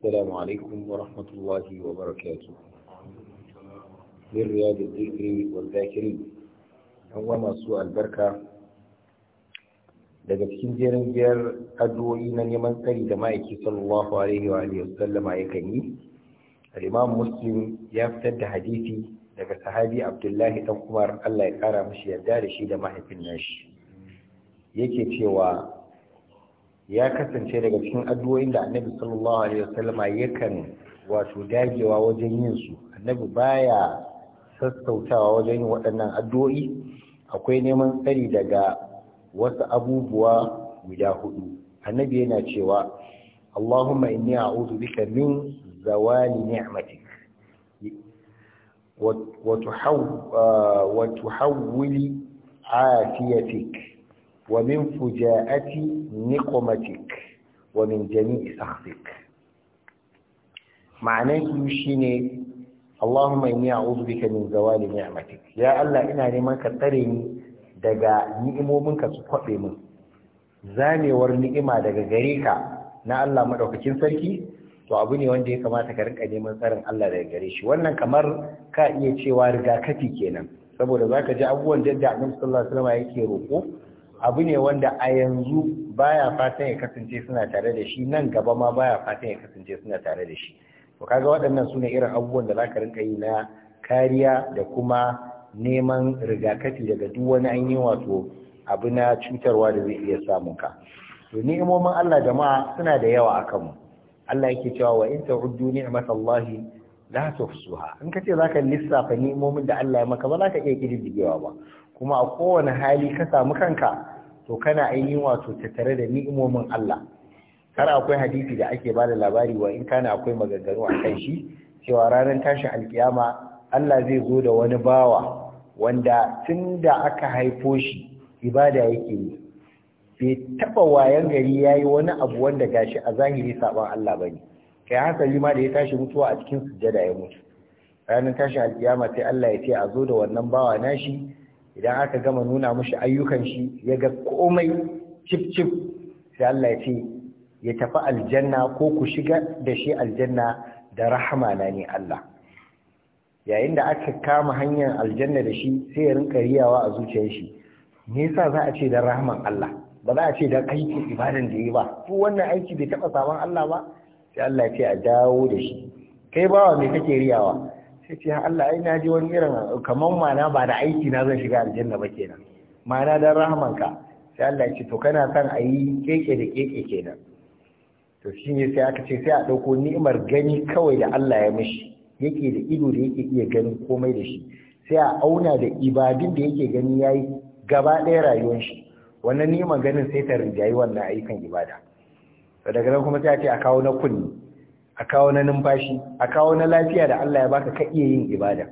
السلام عليكم ورحمة الله وبركاته للرياض الذكر والذاكرين هو سوء البركة daga cikin jerin biyar addu'o'i na neman tsari da ma'aiki sallallahu alaihi wa alihi wasallama yakan yi al-imam muslim ya fitar da hadisi daga sahabi abdullahi dan umar Allah ya kara mishi yarda da shi da mahaifin nashi yake cewa ya kasance daga cikin addu'o'in da annabi sallallahu alaihi wasallama yakan wato dagewa wajen yin su annabi baya sassautawa wajen yin waɗannan addu'o'i akwai neman tsari daga wasu abubuwa guda hudu annabi yana cewa Allahumma inni a'udhu bika min zawali ni'matik wa tuhawwili afiyatik wa min fuja'ati niqmatik wa min jami'i sakhtik ma'anar shi shine Allahumma inni a'udhu bika min zawali ni'matik ya Allah ina neman ka tsare ni daga ni'imominka su zamewar ni'ima daga gare ka na Allah madaukakin sarki to abu ne wanda ya kamata ka rinka neman tsarin Allah daga gare shi wannan kamar ka iya cewa rigakafi kenan saboda zaka ji abubuwan da Annabi sallallahu alaihi wasallam yake roƙo. abu ne wanda a yanzu baya fatan ya kasance suna tare da shi nan gaba ma baya fatan ya kasance suna tare da shi to kaga waɗannan sune irin abubuwan da zaka rinka yi na kariya da kuma neman rigakafi daga duk wani ainihin wato abu na cutarwa da zai iya samun ka to ni'imomin Allah jama'a suna da yawa akan mu Allah yake cewa wa in ta'uddu ni'matallahi la tuhsuha in ce zaka lissafa ni'imomin da Allah ya maka ba ka iya kididdigewa ba kuma a kowane hali ka samu kanka to kana ainihin wato tattare da ni'imomin Allah har akwai hadisi da ake bada labari wa in kana akwai maganganu a kan shi cewa ranar tashin alkiyama Allah zai zo da wani bawa wanda tun da aka haifo shi ibada yake yi bai taba wayan gari yayi wani abu wanda gashi a zahiri saban Allah bane kai hankali ma da ya tashi mutuwa a cikin sujjada ya mutu ranar tashin alkiyama sai Allah ya ce a zo da wannan bawa nashi idan aka gama nuna mushi ayyukan shi ya ga komai cip cip sai Allah ya ce ya tafi aljanna ko ku shiga da shi aljanna da rahama na ne Allah yayin da aka kama hanyar aljanna da shi sai ya rinka riyawa a zuciyar shi me yasa za a ce dan rahman Allah ba za a ce dan aikin ibadan da yi ba ko wannan aiki bai taba saban Allah ba sai Allah ce a dawo da shi kai bawa mai kake riyawa sai ce Allah ai na ji wani irin kaman mana ba da aiki na zan shiga aljanna ba kenan mana dan ka. sai Allah ce to kana san a yi keke da keke kenan to shi ne sai aka ce sai a dauko ni'imar gani kawai da Allah ya mishi yake da ido da yake iya gani komai da shi sai a auna da ibadun da yake gani yayi gaba ɗaya rayuwar shi wannan ni'imar ganin sai ta rinjayi wannan ayyukan ibada daga nan kuma sai a ce a kawo na kunni a kawo na numfashi a kawo na lafiya da Allah ya baka ka iya yin ibada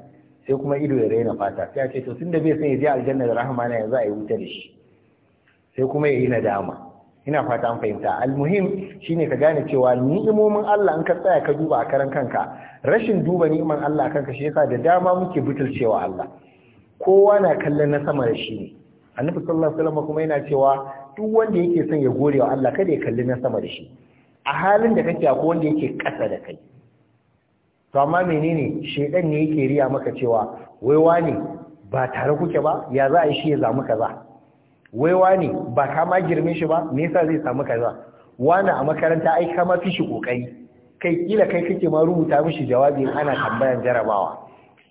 sai kuma ido ya raina fata sai a ce to tunda bai san ya je aljanna da rahama na yanzu a yi wuta da shi sai kuma ya yi nadama ina fata an fahimta almuhim shine ka gane cewa ni'imomin Allah in ka tsaya ka duba a karan kanka rashin duba ni'iman Allah kanka shi yasa da dama muke butulcewa Allah kowa na kallon na sama da shi ne annabi sallallahu alaihi wasallam kuma yana cewa duk wanda yake son ya gore wa Allah kada ya kalli na sama da shi a halin da kake akwai wanda yake ƙasa da kai to amma menene shedan ne yake riya maka cewa wai wani ba tare kuke ba ya za a yi shi ya zamu kaza wai wani ba ka ma girme shi ba me yasa zai samu kaza wani a makaranta ai ka ma fi shi kokari kai kila kai kake ma rubuta mishi jawabi ana tambayan jarabawa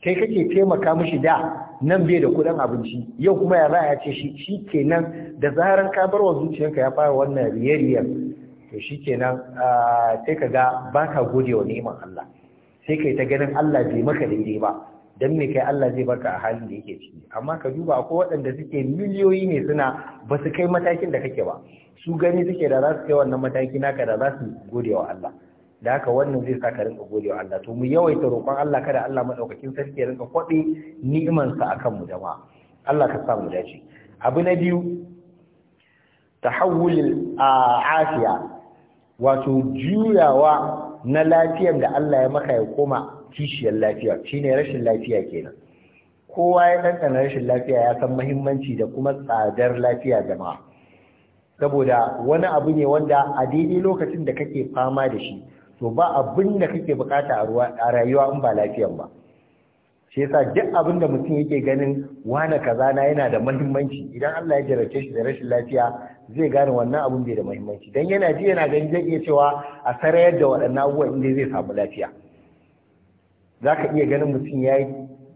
kai kake taimaka mishi da nan bai da kudin abinci yau kuma ya za ce shi shi kenan da zaran ka bar wa zuciyarka ya fara wannan riyariyar riyen to shi kenan sai ka ga ba ka gode wa neman Allah sai kai ta ganin Allah bai maka daidai ba don me kai Allah zai baka a halin da yake ciki amma ka duba ko waɗanda suke miliyoyi ne suna ba su kai matakin da kake ba su gani suke da za su kai wannan mataki naka da za su gode wa Allah da haka wannan zai sa rinka gode wa Allah to mu yawaita roƙon Allah kada Allah madaukakin sarki ya rinka kwaɗe ni'imansa akan mu jama'a Allah ka sa mu dace abu na biyu tahawul afiya wato juyawa na lafiyar da Allah ya maka ya koma kishiyar lafiya shine rashin lafiya kenan kowa ya ɗanɗana rashin lafiya ya san muhimmanci da kuma tsadar lafiya jama'a saboda wani abu ne wanda a daidai lokacin da kake fama da shi to ba abin da kake bukata a rayuwa in ba lafiyan ba shi yasa duk abin da mutum yake ganin wane kaza na yana da muhimmanci idan Allah ya jarrace shi da rashin lafiya zai gane wannan abin bai da muhimmanci dan yana ji yana ganin zai iya cewa a sarayar da waɗannan abubuwan inda zai samu lafiya zaka iya ganin mutum ya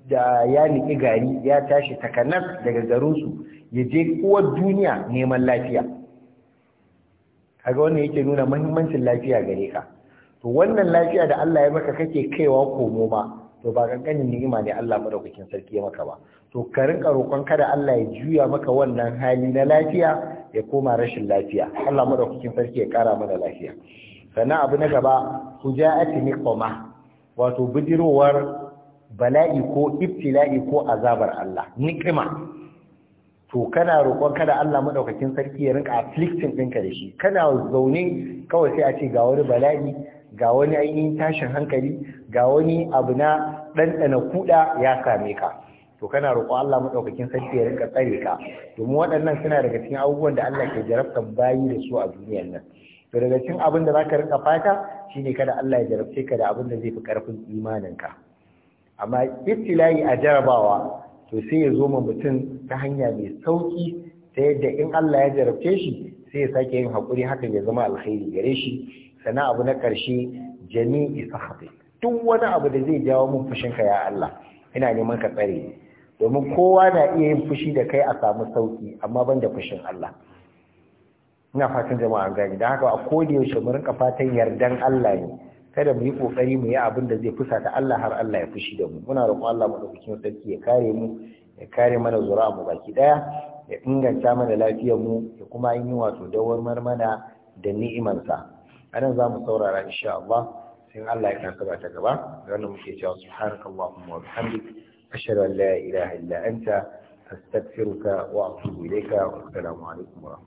da ya niki gari ya tashi takanas daga garin su ya je uwar duniya neman lafiya kaga wannan yake nuna muhimmancin lafiya gare ka to wannan lafiya da Allah ya maka kake kaiwa komo ba to ba kankanin ni'ima ne Allah madaukakin sarki ya maka ba to ka rinka roƙon kada Allah ya juya maka wannan hali na lafiya ya koma rashin lafiya Allah madaukakin sarki ya ƙara mana lafiya sannan abu na gaba ku ni niqama wato bijirowar bala'i ko ibtila'i ko azabar Allah ni'ima. to kana roƙon kada Allah madaukakin sarki ya rinka afflicting ɗinka da shi kana zaune kawai sai a ce ga wani bala'i ga wani ainihin tashin hankali ga wani abu na ɗanɗana kuɗa ya same ka to kana roƙo Allah maɗaukakin sarki ya rinka tsare ka domin waɗannan suna daga cikin abubuwan da Allah ke jarabtar bayi da su a duniyar nan to daga cikin abin da zaka rinka fata shine kada Allah ya jarabce ka da abin da zai fi ƙarfin imanin ka amma ittilayi a jarabawa to sai ya zo ma mutum ta hanya mai sauki ta yadda in Allah ya jarabce shi sai ya sake yin haƙuri hakan ya zama alkhairi gare shi sannan abu na ƙarshe isa haɗe duk wani abu da zai jawo mun fushin ka ya Allah ina neman ka tsare domin kowa na iya yin fushi da kai a samu sauki amma ban da fushin Allah ina fatan jama'a gani da haka a koda yaushe mu rinka fatan yardan Allah ne kada mu yi kokari mu yi abin da zai fusata Allah har Allah ya fushi da mu muna roƙon Allah mu madaukakin sarki ya kare mu ya kare mana zura mu baki daya ya inganta mana lafiyar mu ya kuma yi wato dawar marmana da ni'imansa a nan za mu saurara insha Allah sai Allah ya kasaba ta gaba da wannan muke cewa subhanakallahumma wa bihamdik ashhadu an la ilaha illa anta astaghfiruka wa atubu ilayka wa assalamu alaikum wa